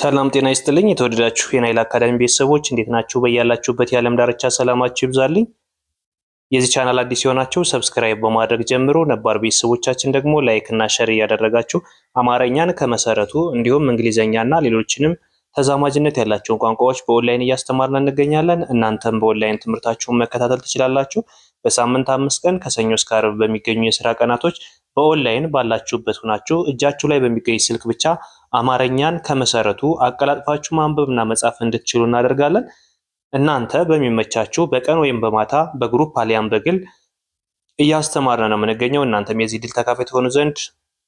ሰላም ጤና ይስጥልኝ። የተወደዳችሁ የናይል አካዳሚ ቤተሰቦች እንዴት ናችሁ? በያላችሁበት የዓለም ዳርቻ ሰላማችሁ ይብዛልኝ። የዚህ ቻናል አዲስ የሆናችሁ ሰብስክራይብ በማድረግ ጀምሮ ነባር ቤተሰቦቻችን ደግሞ ላይክ እና ሸር እያደረጋችሁ አማርኛን ከመሰረቱ እንዲሁም እንግሊዝኛና ሌሎችንም ተዛማጅነት ያላቸውን ቋንቋዎች በኦንላይን እያስተማርን እንገኛለን። እናንተም በኦንላይን ትምህርታችሁን መከታተል ትችላላችሁ። በሳምንት አምስት ቀን ከሰኞ እስከ በሚገኙ የስራ ቀናቶች በኦንላይን ባላችሁበት ሆናችሁ እጃችሁ ላይ በሚገኝ ስልክ ብቻ አማርኛን ከመሰረቱ አቀላጥፋችሁ ማንበብና መጻፍ እንድትችሉ እናደርጋለን። እናንተ በሚመቻችሁ በቀን ወይም በማታ በግሩፕ አሊያም በግል እያስተማርን ነው የምንገኘው። እናንተም የዚህ ድል ተካፋይ ትሆኑ ዘንድ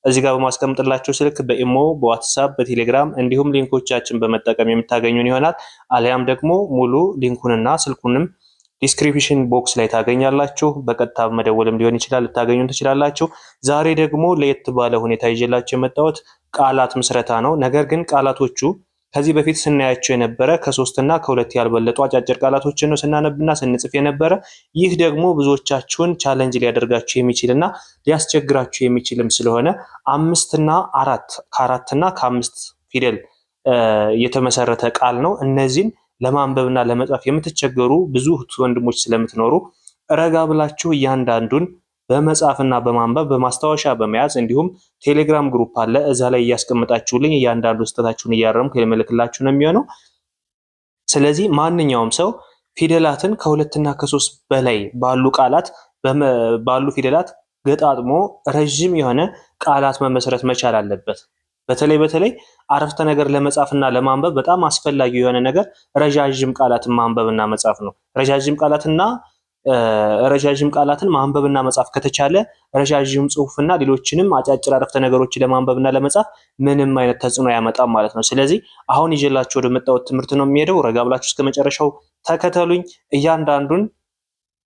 እዚህ ጋር በማስቀምጥላችሁ ስልክ በኢሞ፣ በዋትሳፕ፣ በቴሌግራም እንዲሁም ሊንኮቻችን በመጠቀም የምታገኙን ይሆናል። አሊያም ደግሞ ሙሉ ሊንኩንና ስልኩንም ዲስክሪፕሽን ቦክስ ላይ ታገኛላችሁ። በቀጥታ መደወልም ሊሆን ይችላል ልታገኙን ትችላላችሁ። ዛሬ ደግሞ ለየት ባለ ሁኔታ ይዤላችሁ የመጣሁት ቃላት ምስረታ ነው። ነገር ግን ቃላቶቹ ከዚህ በፊት ስናያቸው የነበረ ከሶስትና ከሁለት ያልበለጡ አጫጭር ቃላቶችን ነው ስናነብና ስንጽፍ የነበረ። ይህ ደግሞ ብዙዎቻችሁን ቻለንጅ ሊያደርጋችሁ እና ሊያስቸግራችሁ የሚችልም ስለሆነ አምስትና አራት ከአራትና ከአምስት ፊደል የተመሰረተ ቃል ነው እነዚህን ለማንበብና ለመጻፍ የምትቸገሩ ብዙ ወንድሞች ስለምትኖሩ ረጋ ብላችሁ እያንዳንዱን በመጻፍና በማንበብ በማስታወሻ በመያዝ እንዲሁም ቴሌግራም ግሩፕ አለ። እዛ ላይ እያስቀምጣችሁልኝ እያንዳንዱ ስህተታችሁን እያረምኩ የምልክላችሁ ነው የሚሆነው። ስለዚህ ማንኛውም ሰው ፊደላትን ከሁለትና ከሶስት በላይ ባሉ ቃላት ባሉ ፊደላት ገጣጥሞ ረዥም የሆነ ቃላት መመስረት መቻል አለበት። በተለይ በተለይ አረፍተ ነገር ለመጻፍና ለማንበብ በጣም አስፈላጊ የሆነ ነገር ረዣዥም ቃላትን ማንበብና መጻፍ ነው። ረዣዥም ቃላትና ረዣዥም ቃላትን ማንበብና መጻፍ ከተቻለ ረዣዥም ጽሁፍና ሌሎችንም አጫጭር አረፍተ ነገሮችን ለማንበብና ለመጻፍ ምንም አይነት ተጽዕኖ አያመጣም ማለት ነው። ስለዚህ አሁን ይዤላችሁ ወደ መጣሁት ትምህርት ነው የሚሄደው። ረጋ ብላችሁ እስከ መጨረሻው ተከተሉኝ። እያንዳንዱን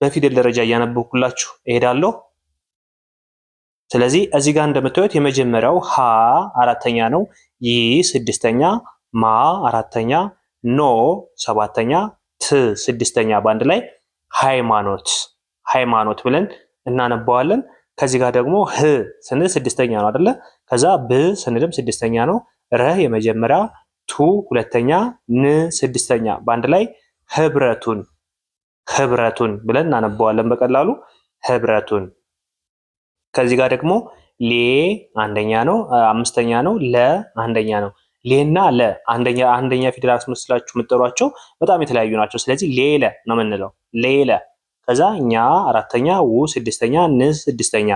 በፊደል ደረጃ እያነበብኩላችሁ እሄዳለሁ። ስለዚህ እዚህ ጋር እንደምታዩት የመጀመሪያው ሀ አራተኛ ነው፣ ይ ስድስተኛ፣ ማ አራተኛ፣ ኖ ሰባተኛ፣ ት ስድስተኛ። በአንድ ላይ ሃይማኖት ሃይማኖት ብለን እናነባዋለን። ከዚህ ጋር ደግሞ ህ ስንል ስድስተኛ ነው አደለ? ከዛ ብ ስንልም ስድስተኛ ነው። ረ የመጀመሪያ፣ ቱ ሁለተኛ፣ ን ስድስተኛ። በአንድ ላይ ህብረቱን ህብረቱን ብለን እናነባዋለን በቀላሉ ህብረቱን ከዚህ ጋር ደግሞ ሌ አንደኛ ነው፣ አምስተኛ ነው፣ ለ አንደኛ ነው። ሌና ለ አንደኛ አንደኛ ፊደል አስመስላችሁ የምትጠሯቸው በጣም የተለያዩ ናቸው። ስለዚህ ሌለ ነው የምንለው። ሌለ ከዛ ኛ አራተኛ፣ ው ስድስተኛ፣ ን ስድስተኛ፣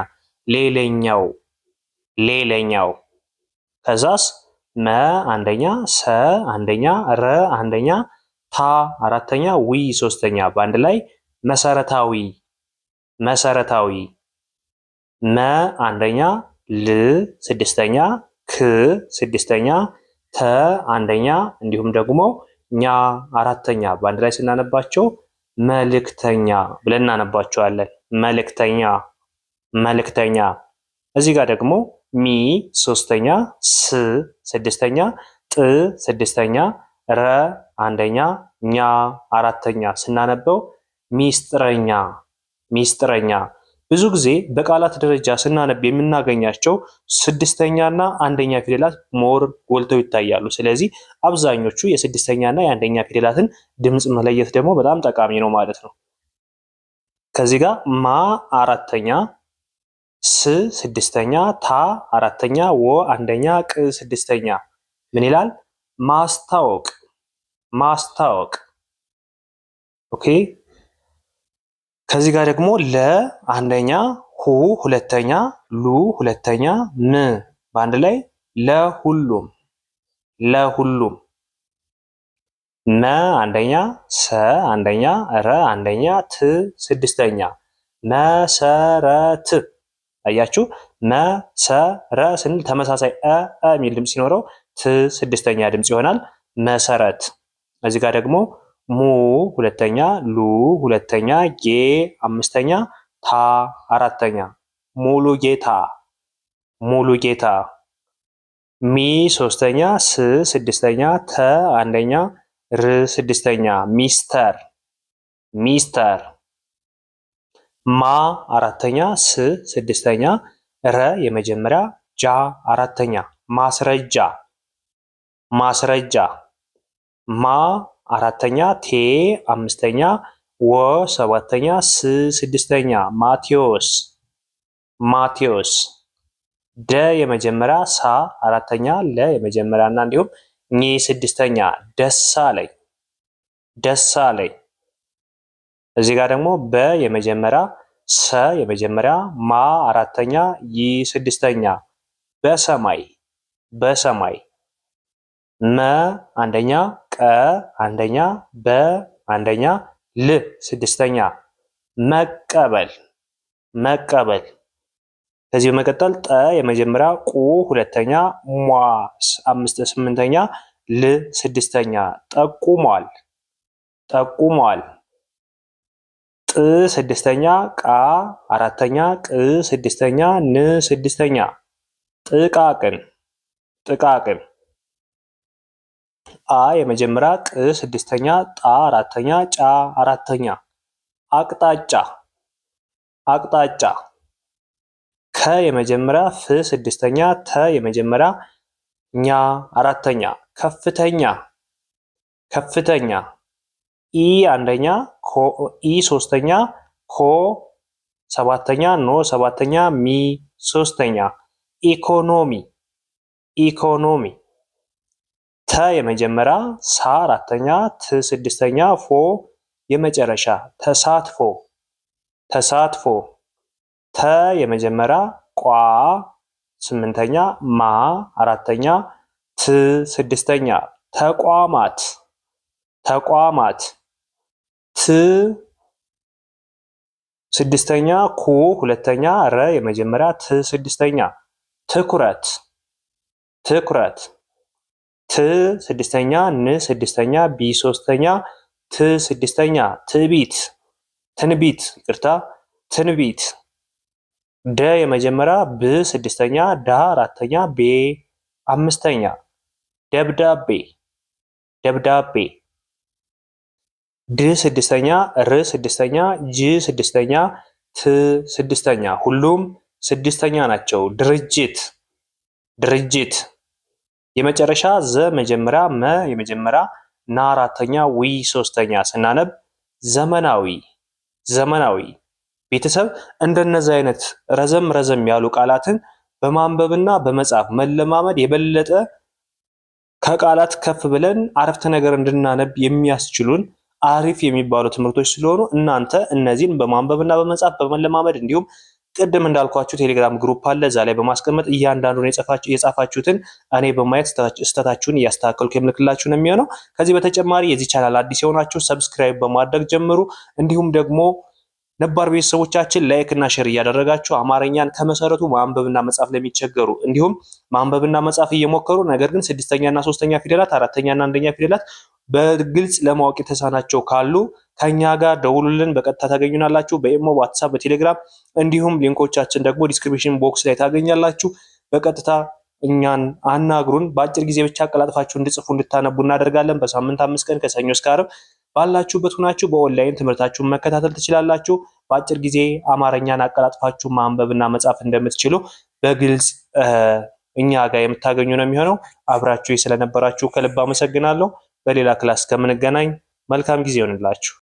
ሌለኛው ሌለኛው። ከዛስ መ አንደኛ፣ ሰ አንደኛ፣ ረ አንደኛ፣ ታ አራተኛ፣ ዊ ሶስተኛ። በአንድ ላይ መሰረታዊ መሰረታዊ መ አንደኛ፣ ል ስድስተኛ፣ ክ ስድስተኛ፣ ተ አንደኛ እንዲሁም ደግሞ ኛ አራተኛ በአንድ ላይ ስናነባቸው መልክተኛ ብለን እናነባቸዋለን። መልክተኛ መልክተኛ እዚህ ጋር ደግሞ ሚ ሶስተኛ፣ ስ ስድስተኛ፣ ጥ ስድስተኛ፣ ረ አንደኛ፣ ኛ አራተኛ ስናነበው ሚስጥረኛ ሚስጥረኛ ብዙ ጊዜ በቃላት ደረጃ ስናነብ የምናገኛቸው ስድስተኛ አንደኛ ፊደላት ሞር ጎልተው ይታያሉ። ስለዚህ አብዛኞቹ የስድስተኛ የአንደኛ ፊደላትን ድምፅ መለየት ደግሞ በጣም ጠቃሚ ነው ማለት ነው። ከዚህ ጋር ማ አራተኛ፣ ስ ስድስተኛ፣ ታ አራተኛ፣ ወ አንደኛ፣ ቅ ስድስተኛ ምን ይላል? ማስታወቅ ማስታወቅ ኦኬ ከዚህ ጋር ደግሞ ለ አንደኛ ሁ ሁለተኛ ሉ ሁለተኛ ም በአንድ ላይ ለሁሉም ለሁሉም መ አንደኛ ሰ አንደኛ ረ አንደኛ ት ስድስተኛ መሰረት አያችሁ መሰረ ስንል ተመሳሳይ አ የሚል ድምፅ ሲኖረው ት ስድስተኛ ድምፅ ይሆናል መሰረት እዚህ ጋር ደግሞ ሙ ሁለተኛ ሉ ሁለተኛ ጌ አምስተኛ ታ አራተኛ ሙሉ ጌታ ሙሉ ጌታ ሚ ሶስተኛ ስ ስድስተኛ ተ አንደኛ ር ስድስተኛ ሚስተር ሚስተር ማ አራተኛ ስ ስድስተኛ ረ የመጀመሪያ ጃ አራተኛ ማስረጃ ማስረጃ ማ አራተኛ ቴ አምስተኛ ወ ሰባተኛ ስ ስድስተኛ ማቴዎስ ማቴዎስ ደ የመጀመሪያ ሳ አራተኛ ለ የመጀመሪያ እና እንዲሁም ኝ ስድስተኛ ደሳለኝ ደሳለኝ። እዚህ ጋር ደግሞ በ የመጀመሪያ ሰ የመጀመሪያ ማ አራተኛ ይ ስድስተኛ በሰማይ በሰማይ መ አንደኛ ቀ አንደኛ፣ በ አንደኛ፣ ል ስድስተኛ። መቀበል መቀበል። ከዚህ በመቀጠል ጠ የመጀመሪያ፣ ቁ ሁለተኛ፣ ሟ አምስት ስምንተኛ፣ ል ስድስተኛ። ጠቁሟል ጠቁሟል። ጥ ስድስተኛ፣ ቃ አራተኛ፣ ቅ ስድስተኛ፣ ን ስድስተኛ። ጥቃቅን ጥቃቅን አ የመጀመሪያ፣ ቅ ስድስተኛ፣ ጣ አራተኛ፣ ጫ አራተኛ። አቅጣጫ አቅጣጫ ከ የመጀመሪያ፣ ፍ ስድስተኛ፣ ተ የመጀመሪያ፣ ኛ አራተኛ። ከፍተኛ ከፍተኛ ኢ አንደኛ፣ ኢ ሶስተኛ፣ ኮ ሰባተኛ፣ ኖ ሰባተኛ፣ ሚ ሶስተኛ። ኢኮኖሚ ኢኮኖሚ ተ የመጀመሪያ ሳ አራተኛ ት ስድስተኛ ፎ የመጨረሻ ተሳትፎ ተሳትፎ ተ የመጀመሪያ ቋ ስምንተኛ ማ አራተኛ ት ስድስተኛ ተቋማት ተቋማት ት ስድስተኛ ኩ ሁለተኛ ረ የመጀመሪያ ት ስድስተኛ ትኩረት ትኩረት ት ስድስተኛ ን ስድስተኛ ቢ ሶስተኛ ት ስድስተኛ ትቢት ትንቢት ቅርታ ትንቢት ደ የመጀመሪያ ብ ስድስተኛ ዳ አራተኛ ቤ አምስተኛ ደብዳቤ ደብዳቤ ድ ስድስተኛ ር ስድስተኛ ጅ ስድስተኛ ት ስድስተኛ ሁሉም ስድስተኛ ናቸው። ድርጅት ድርጅት የመጨረሻ ዘ መጀመሪያ መ የመጀመሪያ ና አራተኛ ዊ ሶስተኛ ስናነብ ዘመናዊ ዘመናዊ ቤተሰብ እንደነዚህ አይነት ረዘም ረዘም ያሉ ቃላትን በማንበብና በመጻፍ መለማመድ የበለጠ ከቃላት ከፍ ብለን አረፍተ ነገር እንድናነብ የሚያስችሉን አሪፍ የሚባሉ ትምህርቶች ስለሆኑ እናንተ እነዚህን በማንበብና በመጻፍ በመለማመድ እንዲሁም ቅድም እንዳልኳችሁ ቴሌግራም ግሩፕ አለ። እዛ ላይ በማስቀመጥ እያንዳንዱን የጻፋችሁትን እኔ በማየት ስተታችሁን እያስተካከልኩ የምልክላችሁ ነው የሚሆነው። ከዚህ በተጨማሪ የዚህ ቻናል አዲስ የሆናችሁ ሰብስክራይብ በማድረግ ጀምሩ። እንዲሁም ደግሞ ነባር ቤተሰቦቻችን ላይክ እና ሼር እያደረጋችሁ አማርኛን ከመሰረቱ ማንበብና መጻፍ ለሚቸገሩ እንዲሁም ማንበብና መጻፍ እየሞከሩ ነገር ግን ስድስተኛና ሶስተኛ ፊደላት አራተኛና አንደኛ ፊደላት በግልጽ ለማወቅ የተሳናቸው ካሉ ከኛ ጋር ደውሉልን። በቀጥታ ታገኙናላችሁ፣ በኢሞ ዋትሳፕ፣ በቴሌግራም እንዲሁም ሊንኮቻችን ደግሞ ዲስክሪፕሽን ቦክስ ላይ ታገኛላችሁ። በቀጥታ እኛን አናግሩን። በአጭር ጊዜ ብቻ አቀላጥፋችሁ እንድጽፉ እንድታነቡ እናደርጋለን። በሳምንት አምስት ቀን ከሰኞ እስከ ዓርብ ባላችሁበት ሁናችሁ በኦንላይን ትምህርታችሁን መከታተል ትችላላችሁ። በአጭር ጊዜ አማርኛን አቀላጥፋችሁ ማንበብና መጻፍ እንደምትችሉ በግልጽ እኛ ጋር የምታገኙ ነው የሚሆነው። አብራችሁ ስለነበራችሁ ከልብ አመሰግናለሁ። በሌላ ክላስ ከምንገናኝ መልካም ጊዜ ይሆንላችሁ።